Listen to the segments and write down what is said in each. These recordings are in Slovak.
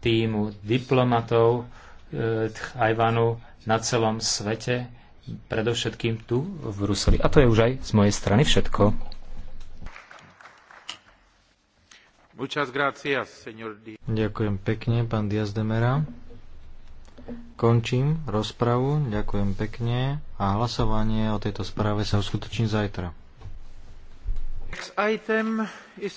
týmu diplomatov e, na celom svete, predovšetkým tu v Bruseli. A to je už aj z mojej strany všetko. Ďakujem pekne, pán Diaz de Mera. Končím rozpravu. Ďakujem pekne a hlasovanie o tejto správe sa uskutoční zajtra. Next item is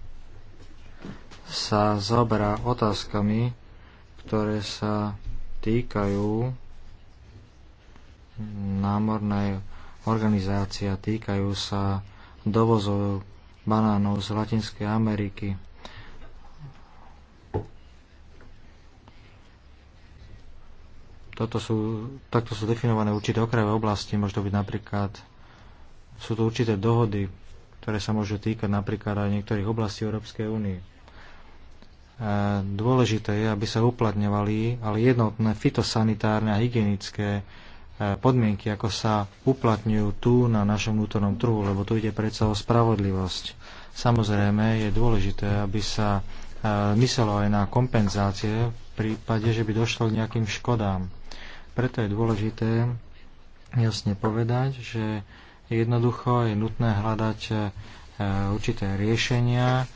sa zaoberá otázkami, ktoré sa týkajú námornej organizácie, týkajú sa dovozov banánov z Latinskej Ameriky. Toto sú, takto sú definované určité okrajové oblasti, môže to byť napríklad, sú to určité dohody, ktoré sa môžu týkať napríklad aj niektorých oblastí Európskej únie. Dôležité je, aby sa uplatňovali ale jednotné fitosanitárne a hygienické e, podmienky, ako sa uplatňujú tu na našom vnútornom trhu, lebo tu ide predsa o spravodlivosť. Samozrejme je dôležité, aby sa e, myslelo aj na kompenzácie v prípade, že by došlo k nejakým škodám. Preto je dôležité jasne povedať, že jednoducho je nutné hľadať e, určité riešenia,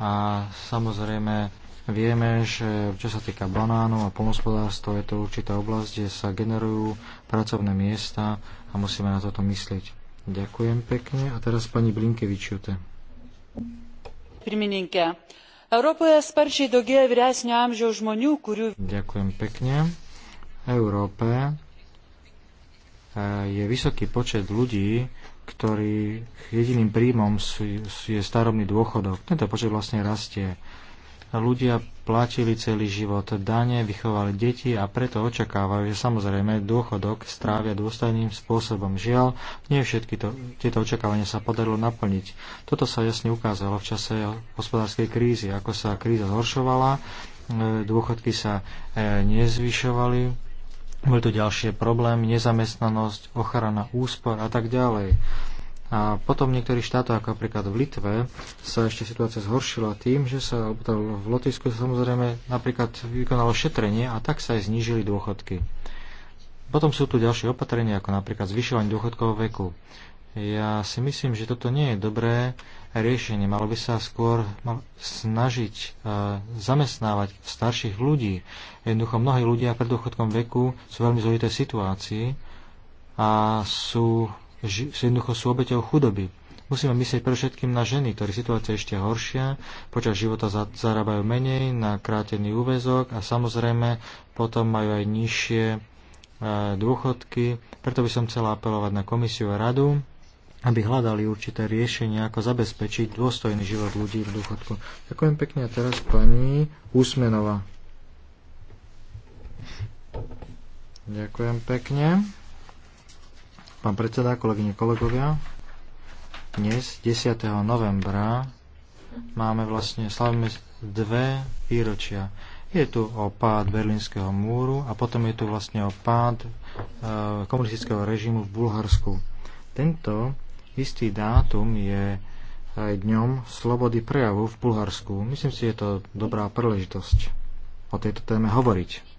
a samozrejme vieme, že čo sa týka banánov a polnospodárstva, je to určitá oblasť, kde sa generujú pracovné miesta a musíme na toto myslieť. Ďakujem pekne. A teraz pani Blinkevičiute. Pirmininkė. Európa sparčiai daugėja vyresnio amžiaus žmonių, kurių... Ďakujem pekne. Európe e, je vysoký počet ľudí, ktorý jediným príjmom je starobný dôchodok. Tento počet vlastne rastie. Ľudia platili celý život dane, vychovali deti a preto očakávajú, že samozrejme dôchodok strávia dôstojným spôsobom. Žiaľ, nie všetky to, tieto očakávania sa podarilo naplniť. Toto sa jasne ukázalo v čase hospodárskej krízy, ako sa kríza zhoršovala, e, dôchodky sa e, nezvyšovali, boli tu ďalšie problémy, nezamestnanosť, ochrana úspor a tak ďalej. A potom v niektorých štátoch, ako napríklad v Litve, sa ešte situácia zhoršila tým, že sa v Lotisku samozrejme napríklad vykonalo šetrenie a tak sa aj znížili dôchodky. Potom sú tu ďalšie opatrenia, ako napríklad zvyšovanie dôchodkového veku. Ja si myslím, že toto nie je dobré riešenie. Malo by sa skôr snažiť e, zamestnávať starších ľudí. Jednoducho mnohí ľudia pred dôchodkom veku sú veľmi zložité situácii a sú, jednoducho sú obeťou chudoby. Musíme myslieť pre všetkým na ženy, ktoré situácia je ešte horšia, počas života zarábajú menej na krátený úvezok a samozrejme potom majú aj nižšie e, dôchodky. Preto by som chcela apelovať na komisiu a radu, aby hľadali určité riešenia, ako zabezpečiť dôstojný život ľudí v dôchodku. Ďakujem pekne a teraz pani Úsmenová. Ďakujem pekne. Pán predseda, kolegyne, kolegovia, dnes, 10. novembra, máme vlastne, slavíme dve výročia. Je tu o pád Berlínskeho múru a potom je tu vlastne o pád e, komunistického režimu v Bulharsku. Tento istý dátum je aj dňom slobody prejavu v Bulharsku. Myslím si, je to dobrá príležitosť o tejto téme hovoriť.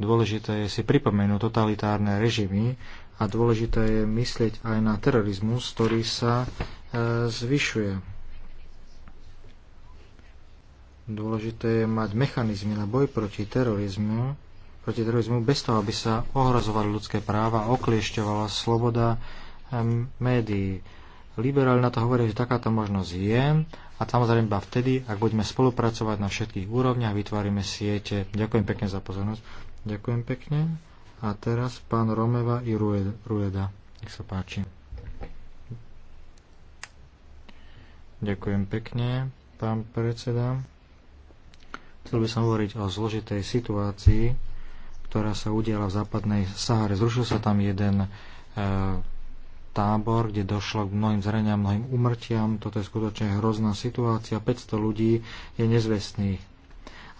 Dôležité je si pripomenúť totalitárne režimy a dôležité je myslieť aj na terorizmus, ktorý sa e, zvyšuje. Dôležité je mať mechanizmy na boj proti terorizmu, proti terorizmu bez toho, aby sa ohrozovali ľudské práva, okliešťovala sloboda Ehm, médií. Liberáli na to hovorí, že takáto možnosť je a samozrejme iba vtedy, ak budeme spolupracovať na všetkých úrovniach, vytvoríme siete. Ďakujem pekne za pozornosť. Ďakujem pekne. A teraz pán Romeva i Rueda. Nech sa páči. Ďakujem pekne, pán predseda. Chcel by som hovoriť o zložitej situácii, ktorá sa udiala v západnej Sahare. Zrušil sa tam jeden e, tábor, kde došlo k mnohým zreniam, mnohým umrtiam. Toto je skutočne hrozná situácia. 500 ľudí je nezvestných.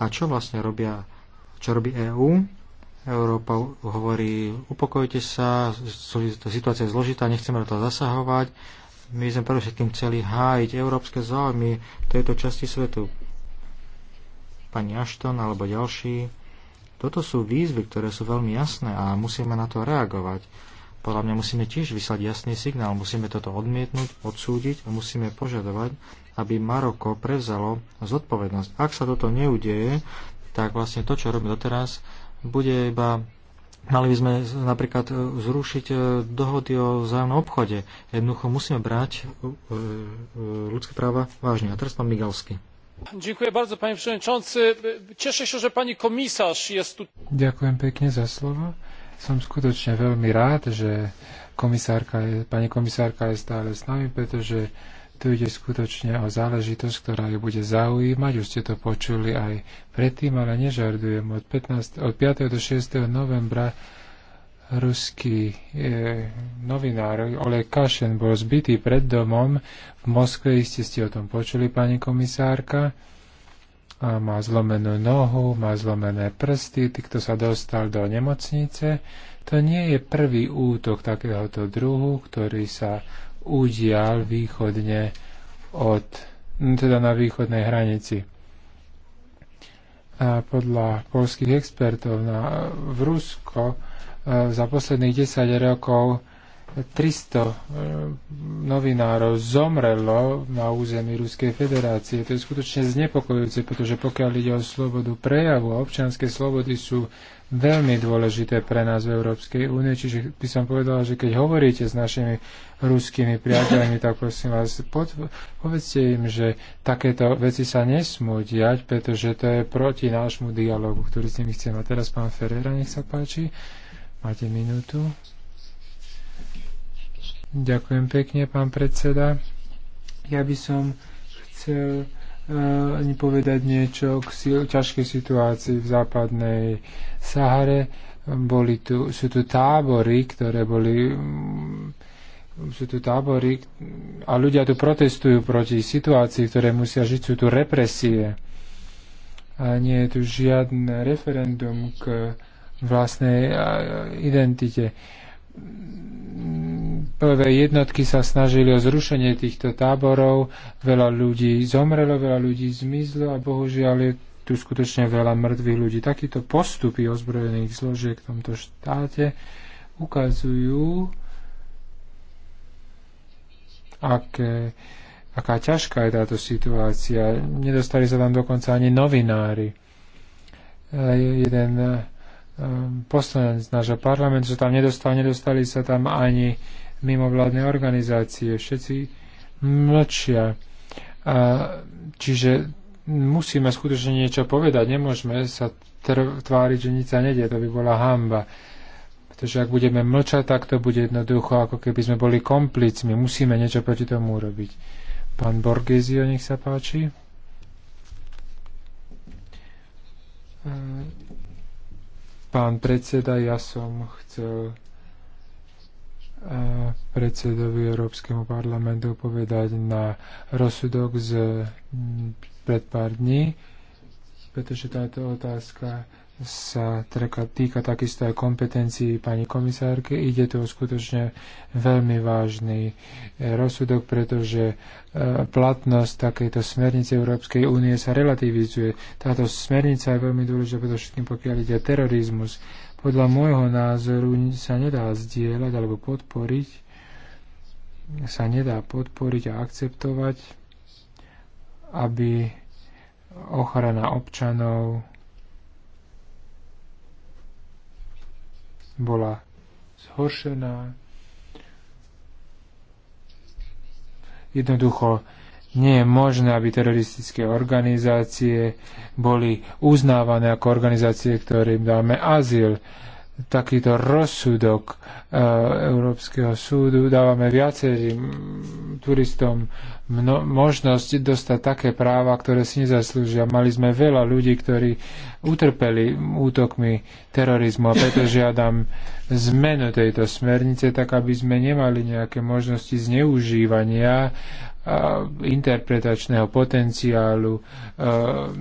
A čo vlastne robia, čo robí EÚ? Európa hovorí, upokojte sa, situácia je zložitá, nechceme do toho zasahovať. My sme predovšetkým chceli hájiť európske záujmy v tejto časti svetu. Pani Ashton alebo ďalší. Toto sú výzvy, ktoré sú veľmi jasné a musíme na to reagovať podľa mňa musíme tiež vyslať jasný signál. Musíme toto odmietnúť, odsúdiť a musíme požadovať, aby Maroko prevzalo zodpovednosť. Ak sa toto neudeje, tak vlastne to, čo robíme doteraz, bude iba Mali by sme napríklad e, zrušiť e, dohody o vzájomnom obchode. Jednoducho musíme brať e, ľudské práva vážne. A teraz pán Migalsky. bardzo, przewodniczący. Cieszę się, pani komisarz jest tu. Ďakujem pekne za slovo. Som skutočne veľmi rád, že komisárka je, pani komisárka je stále s nami, pretože tu ide skutočne o záležitosť, ktorá ju bude zaujímať. Už ste to počuli aj predtým, ale nežardujem. Od, 15, od 5. do 6. novembra ruský eh, novinár Oleg Kašen bol zbytý pred domom v Moskve. Iste ste o tom počuli, pani komisárka a má zlomenú nohu, má zlomené prsty, kto sa dostal do nemocnice. To nie je prvý útok takéhoto druhu, ktorý sa udial východne od, teda na východnej hranici. A podľa polských expertov na, v Rusko e, za posledných 10 rokov 300 e, novinárov zomrelo na území Ruskej federácie. To je skutočne znepokojujúce, pretože pokiaľ ide o slobodu prejavu, a občianske slobody sú veľmi dôležité pre nás v Európskej únie, čiže by som povedala, že keď hovoríte s našimi ruskými priateľmi, tak prosím vás, pod, povedzte im, že takéto veci sa nesmú diať, pretože to je proti nášmu dialogu, ktorý s nimi chceme. A teraz pán Ferreira, nech sa páči. Máte minútu. Ďakujem pekne, pán predseda. Ja by som chcel eh, ani uh, povedať niečo k si- ťažkej situácii v západnej Sahare. Boli tu, sú tu tábory, ktoré boli um, sú tu tábory a ľudia tu protestujú proti situácii, ktoré musia žiť, sú tu represie. A nie je tu žiadne referendum k vlastnej eh, identite prvé jednotky sa snažili o zrušenie týchto táborov, veľa ľudí zomrelo, veľa ľudí zmizlo a bohužiaľ je tu skutočne veľa mŕtvych ľudí. Takýto postupy ozbrojených zložiek v tomto štáte ukazujú, aké, aká ťažká je táto situácia. Nedostali sa tam dokonca ani novinári. E, jeden e, e, poslanec nášho parlamentu sa tam nedostal, nedostali sa tam ani mimovládne organizácie. Všetci mlčia. A, čiže musíme skutočne niečo povedať. Nemôžeme sa tváriť, že nič sa nedie. To by bola hamba. Pretože ak budeme mlčať, tak to bude jednoducho, ako keby sme boli komplicmi. Musíme niečo proti tomu urobiť. Pán Borgesio, nech sa páči. Pán predseda, ja som chcel predsedovi Európskemu parlamentu povedať na rozsudok z pred pár dní, pretože táto otázka sa treka, týka takisto aj kompetencií pani komisárky. Ide tu skutočne veľmi vážny e, rozsudok, pretože e, platnosť takejto smernice Európskej únie sa relativizuje. Táto smernica je veľmi dôležitá, pretože všetkým pokiaľ ide terorizmus, podľa môjho názoru sa nedá zdieľať alebo podporiť, sa nedá podporiť a akceptovať, aby ochrana občanov bola zhoršená. Jednoducho nie je možné, aby teroristické organizácie boli uznávané ako organizácie, ktorým dáme azyl takýto rozsudok e, Európskeho súdu. Dávame viacerým turistom mno, možnosť dostať také práva, ktoré si nezaslúžia. Mali sme veľa ľudí, ktorí utrpeli útokmi terorizmu a preto žiadam zmenu tejto smernice, tak aby sme nemali nejaké možnosti zneužívania e, interpretačného potenciálu e,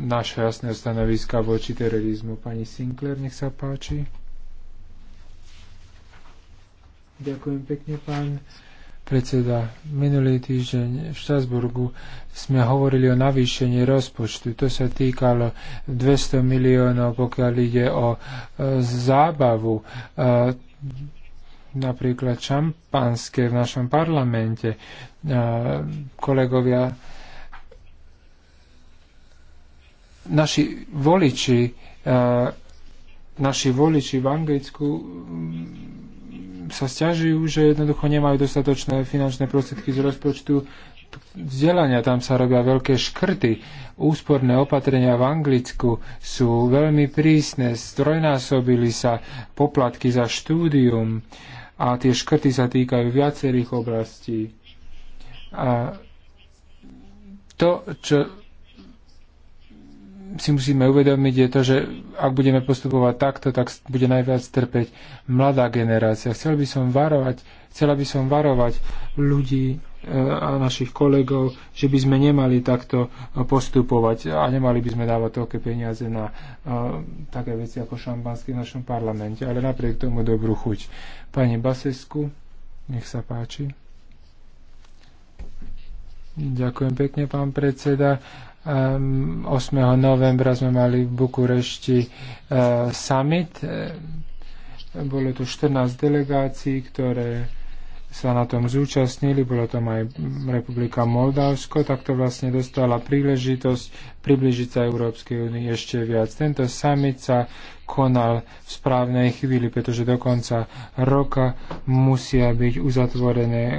našho jasného stanoviska voči terorizmu. Pani Sinclair, nech sa páči. Ďakujem pekne, pán predseda. Minulý týždeň v Štrasburgu sme hovorili o navýšení rozpočtu. To sa týkalo 200 miliónov, pokiaľ ide o e, zábavu. E, napríklad šampanské v našom parlamente. E, kolegovia, naši voliči, e, naši voliči v Anglicku sa stiažujú, že jednoducho nemajú dostatočné finančné prostriedky z rozpočtu vzdelania, tam sa robia veľké škrty. Úsporné opatrenia v Anglicku sú veľmi prísne, strojnásobili sa poplatky za štúdium a tie škrty sa týkajú viacerých oblastí. A to, čo si musíme uvedomiť, je to, že ak budeme postupovať takto, tak bude najviac trpeť mladá generácia. Chcel by som varovať, chcela by som varovať ľudí e, a našich kolegov, že by sme nemali takto e, postupovať a nemali by sme dávať toľké peniaze na e, také veci ako šampanské v našom parlamente, ale napriek tomu dobrú chuť. Pani Basesku, nech sa páči. Ďakujem pekne, pán predseda. 8. Ehm, novembra sme mali v Bukurešti eh, summit. Ehm, bolo tu 14 delegácií, ktoré sa na tom zúčastnili, bola tam aj Republika Moldavsko, tak to vlastne dostala príležitosť približiť sa Európskej únii ešte viac. Tento summit sa konal v správnej chvíli, pretože do konca roka musia byť uzatvorené e,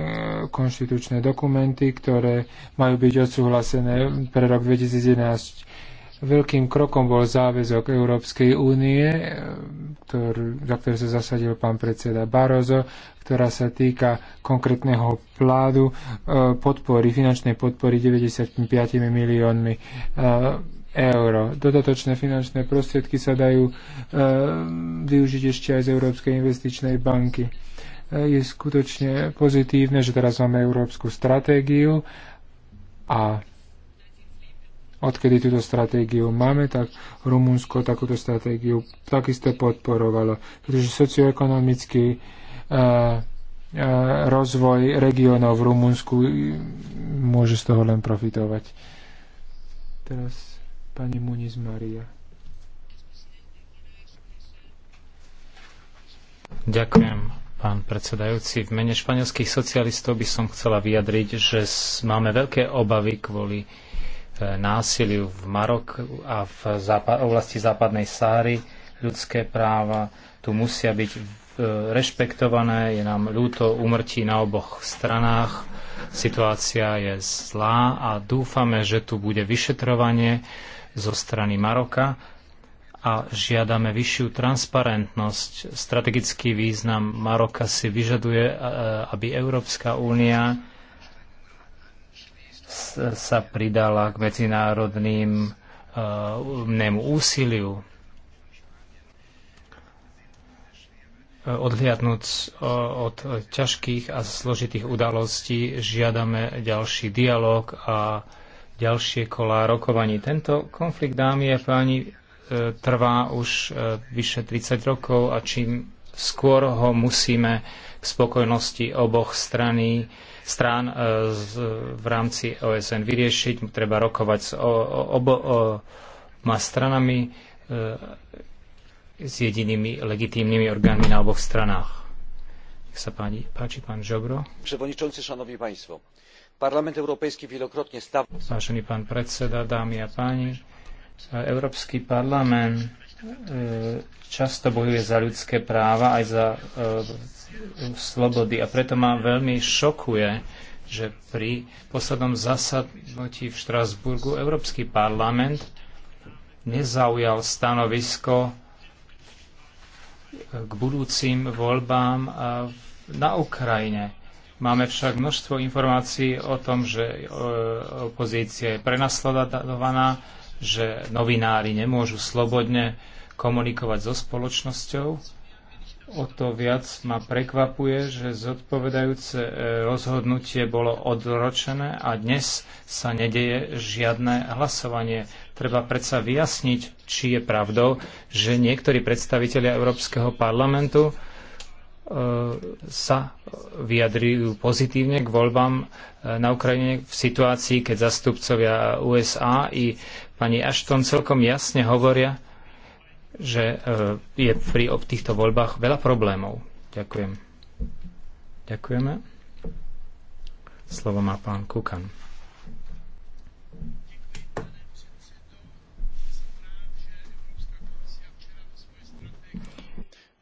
konštitučné dokumenty, ktoré majú byť odsúhlasené pre rok 2011 Veľkým krokom bol záväzok Európskej únie, eh, ktorý, za ktorý sa zasadil pán predseda Barozo, ktorá sa týka konkrétneho pládu eh, podpory, finančnej podpory 95 miliónmi eh, eur. Dodatočné finančné prostriedky sa dajú využiť ešte aj z Európskej investičnej banky. Je skutočne pozitívne, že teraz máme európsku stratégiu a odkedy túto stratégiu máme, tak Rumunsko takúto stratégiu takisto podporovalo, pretože socioekonomický e, e rozvoj regiónov v Rumunsku e, môže z toho len profitovať. Teraz pani Muniz Maria. Ďakujem, pán predsedajúci. V mene španielských socialistov by som chcela vyjadriť, že máme veľké obavy kvôli násiliu v Maroku a v západ, oblasti západnej Sáry. Ľudské práva tu musia byť e, rešpektované. Je nám ľúto umrtí na oboch stranách. Situácia je zlá a dúfame, že tu bude vyšetrovanie zo strany Maroka a žiadame vyššiu transparentnosť. Strategický význam Maroka si vyžaduje, e, aby Európska únia sa pridala k medzinárodným uh, úsiliu. Eh, odhliadnúc eh, od ťažkých a zložitých udalostí, žiadame ďalší dialog a ďalšie kolá rokovaní. Tento konflikt, dámy a páni, trvá už vyše 30 rokov a čím skôr ho musíme k spokojnosti oboch straní strán e, v rámci OSN vyriešiť. Treba rokovať s oboma stranami, e, s jedinými legitímnymi orgánmi na oboch stranách. Nech sa páni, páči pán Žobro. Przewodniczący, szanowni państwo. Parlament Europejski wielokrotnie stawiał... Vážený pán predseda, dámy a páni, Európsky parlament E, často bojuje za ľudské práva aj za e, slobody. A preto ma veľmi šokuje, že pri poslednom zasadnutí v Štrasburgu Európsky parlament nezaujal stanovisko e, k budúcim voľbám na Ukrajine. Máme však množstvo informácií o tom, že opozícia je prenasledovaná, že novinári nemôžu slobodne komunikovať so spoločnosťou. O to viac ma prekvapuje, že zodpovedajúce e, rozhodnutie bolo odročené a dnes sa nedeje žiadne hlasovanie. Treba predsa vyjasniť, či je pravdou, že niektorí predstavitelia Európskeho parlamentu E, sa vyjadrujú pozitívne k voľbám e, na Ukrajine v situácii, keď zastupcovia USA i pani Ashton celkom jasne hovoria, že e, je pri týchto voľbách veľa problémov. Ďakujem. Ďakujeme. Slovo má pán Kukan.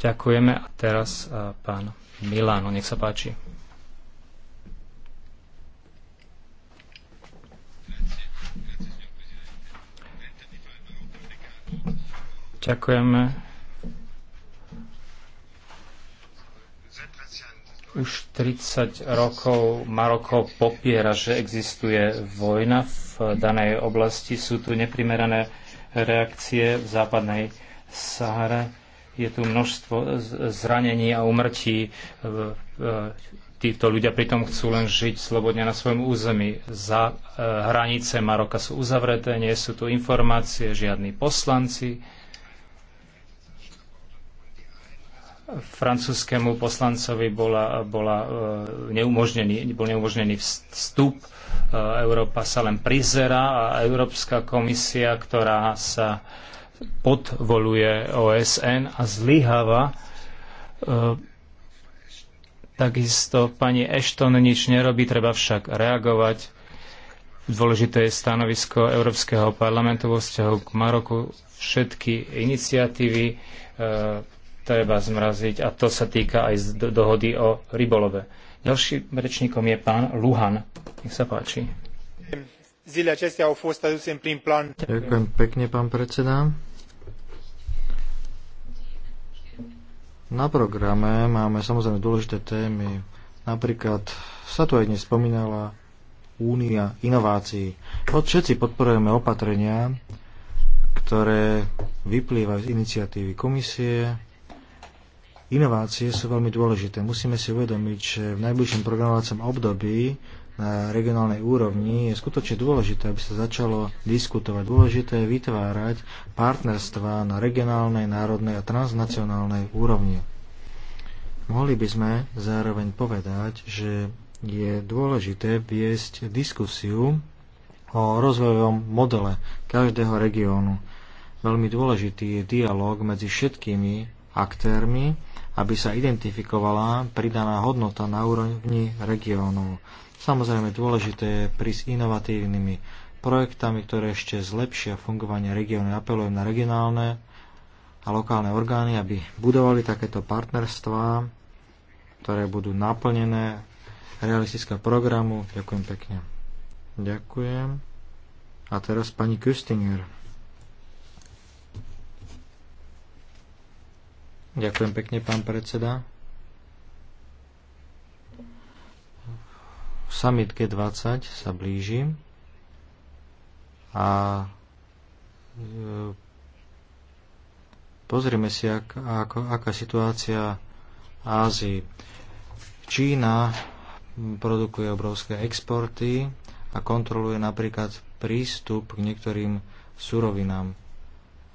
Ďakujeme. A teraz pán Milano, nech sa páči. Ďakujeme. už 30 rokov Maroko popiera, že existuje vojna v danej oblasti. Sú tu neprimerané reakcie v západnej Sahare je tu množstvo zranení a umrtí. E, e, títo ľudia pritom chcú len žiť slobodne na svojom území. Za e, hranice Maroka sú uzavreté, nie sú tu informácie, žiadni poslanci. Francúzskému poslancovi bola, bola neumožnený, bol neumožnený vstup. Európa sa len prizera a Európska komisia, ktorá sa podvoluje OSN a zlyháva. E, takisto pani Ashton nič nerobí, treba však reagovať. Dôležité je stanovisko Európskeho parlamentu vo vzťahu k Maroku. Všetky iniciatívy e, treba zmraziť a to sa týka aj do, dohody o rybolove. Ďalším rečníkom je pán Luhan. Nech sa páči zilele acestea au fost aduse în prim plan. Ďakujem pekne, pán predseda. Na programe máme samozrejme dôležité témy. Napríklad sa tu aj dnes spomínala Únia inovácií. Všetci podporujeme opatrenia, ktoré vyplývajú z iniciatívy komisie. Inovácie sú veľmi dôležité. Musíme si uvedomiť, že v najbližšom programovacom období na regionálnej úrovni, je skutočne dôležité, aby sa začalo diskutovať. Dôležité je vytvárať partnerstva na regionálnej, národnej a transnacionálnej úrovni. Mohli by sme zároveň povedať, že je dôležité viesť diskusiu o rozvojovom modele každého regiónu. Veľmi dôležitý je dialog medzi všetkými aktérmi, aby sa identifikovala pridaná hodnota na úrovni regiónov. Samozrejme, dôležité je prísť inovatívnymi projektami, ktoré ešte zlepšia fungovanie regiónu. Apelujem na regionálne a lokálne orgány, aby budovali takéto partnerstvá, ktoré budú naplnené realistického programu. Ďakujem pekne. Ďakujem. A teraz pani Küstinger. Ďakujem pekne, pán predseda. Summit G20 sa blíži a e, pozrime si, ak, ako, aká situácia Ázii. Čína produkuje obrovské exporty a kontroluje napríklad prístup k niektorým surovinám.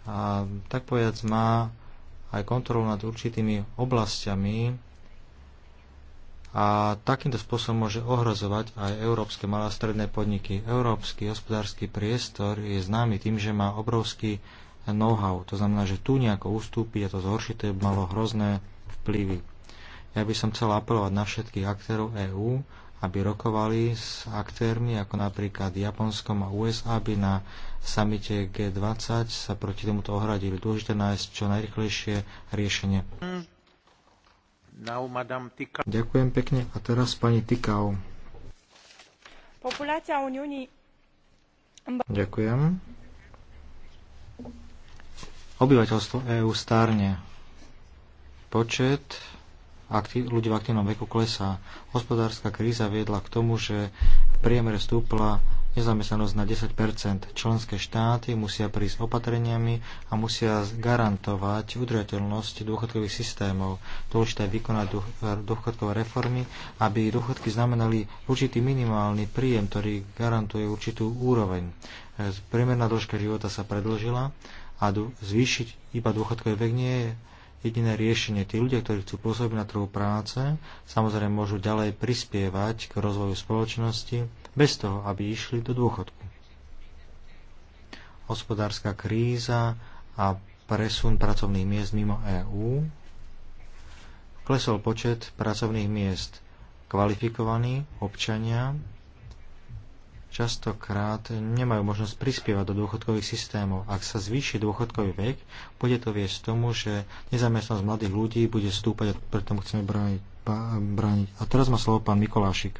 A tak povedať má aj kontrolu nad určitými oblastiami a takýmto spôsobom môže ohrozovať aj európske malé a stredné podniky. Európsky hospodársky priestor je známy tým, že má obrovský know-how. To znamená, že tu nejako ustúpi a to zhorší, to by malo hrozné vplyvy. Ja by som chcel apelovať na všetkých aktérov EÚ, aby rokovali s aktérmi ako napríklad Japonskom a USA, aby na samite G20 sa proti tomuto ohradili. Dôležité nájsť čo najrychlejšie riešenie. Mm. Ďakujem pekne. A teraz pani Tikau. Populácia Unióni... Ďakujem. Obyvateľstvo EÚ stárne. Počet aktív, ľudí v aktívnom veku klesá. Hospodárska kríza viedla k tomu, že v priemere stúpla nezamestnanosť na 10 Členské štáty musia prísť opatreniami a musia garantovať udržateľnosť dôchodkových systémov. Dôležité je vykonať dôchodkové reformy, aby dôchodky znamenali určitý minimálny príjem, ktorý garantuje určitú úroveň. E, priemerná dĺžka života sa predlžila a zvýšiť iba dôchodkové vek nie je jediné riešenie. Tí ľudia, ktorí chcú pôsobiť na trhu práce, samozrejme môžu ďalej prispievať k rozvoju spoločnosti, bez toho, aby išli do dôchodku. Hospodárska kríza a presun pracovných miest mimo EÚ klesol počet pracovných miest kvalifikovaní občania častokrát nemajú možnosť prispievať do dôchodkových systémov. Ak sa zvýši dôchodkový vek, bude to viesť tomu, že nezamestnanosť mladých ľudí bude stúpať a preto chceme brániť. brániť. A teraz má slovo pán Mikolášik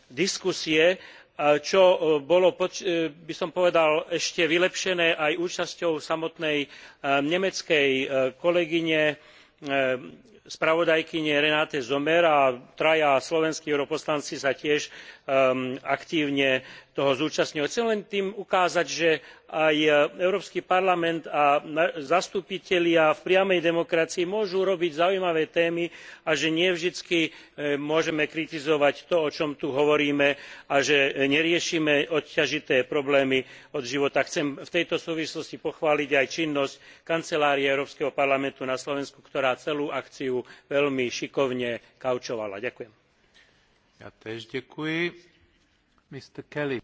diskusie e, čo e, bolo e, by som povedal ešte vylepšené aj účasťou samotnej nemeckej kolegyne spravodajkyne renate sommer a traja slovenskí europoslanci sa tiež um, aktívne toho zúčastňujú. chcem len tým ukázať že aj európsky parlament a zastupitelia v priamej demokracii môžu robiť zaujímavé témy a že nie vždy e, môžeme kritizovať to o čom tu hovoríme a že neriešime odťažité problémy od života. chcem v tejto súvislosti pochváliť aj činnosť kancelárie európskeho parlamentu na slovensku ktorá celú akciu ju veľmi šikovne kaučovala. ďakujem. Ja tež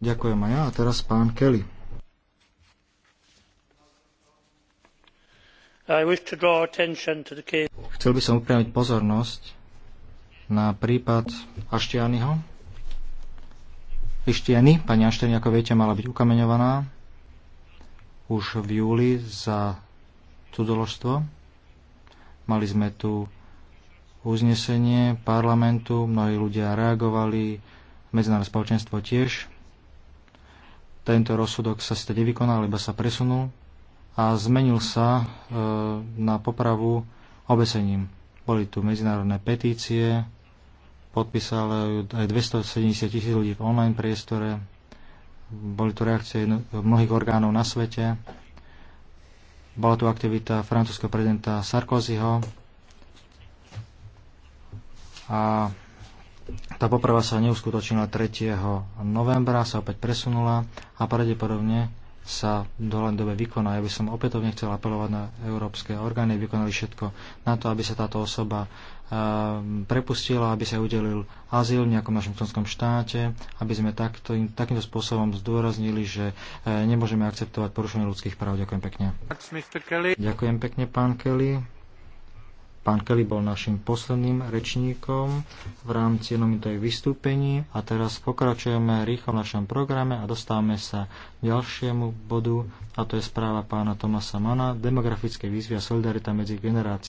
Ďakujem a ja. A teraz pán Kelly. Chcel by som upriamiť pozornosť na prípad Aštianyho. Ištiany, pani Aštiany, ako viete, mala byť ukameňovaná už v júli za cudzoložstvo. Mali sme tu uznesenie parlamentu, mnohí ľudia reagovali, medzinárodné spoločenstvo tiež. Tento rozsudok sa ste nevykonal, iba sa presunul a zmenil sa e, na popravu obesením. Boli tu medzinárodné petície, podpísalo aj 270 tisíc ľudí v online priestore, boli tu reakcie mnohých orgánov na svete, bola tu aktivita francúzského prezidenta Sarkozyho, a tá poprava sa neuskutočnila 3. novembra, sa opäť presunula a pravdepodobne sa v dohľadnej dobe vykoná. Ja by som opätovne chcel apelovať na európske orgány, vykonali všetko na to, aby sa táto osoba ehm, prepustila, aby sa udelil azyl v nejakom našom členskom štáte, aby sme takto, takýmto spôsobom zdôraznili, že e, nemôžeme akceptovať porušenie ľudských práv. Ďakujem pekne. Ďakujem pekne, pán Kelly. Pán Kelly bol našim posledným rečníkom v rámci jednomitej vystúpení a teraz pokračujeme rýchlo v našom programe a dostávame sa k ďalšiemu bodu a to je správa pána Tomasa Mana, demografické výzvy a solidarita medzi generáciami.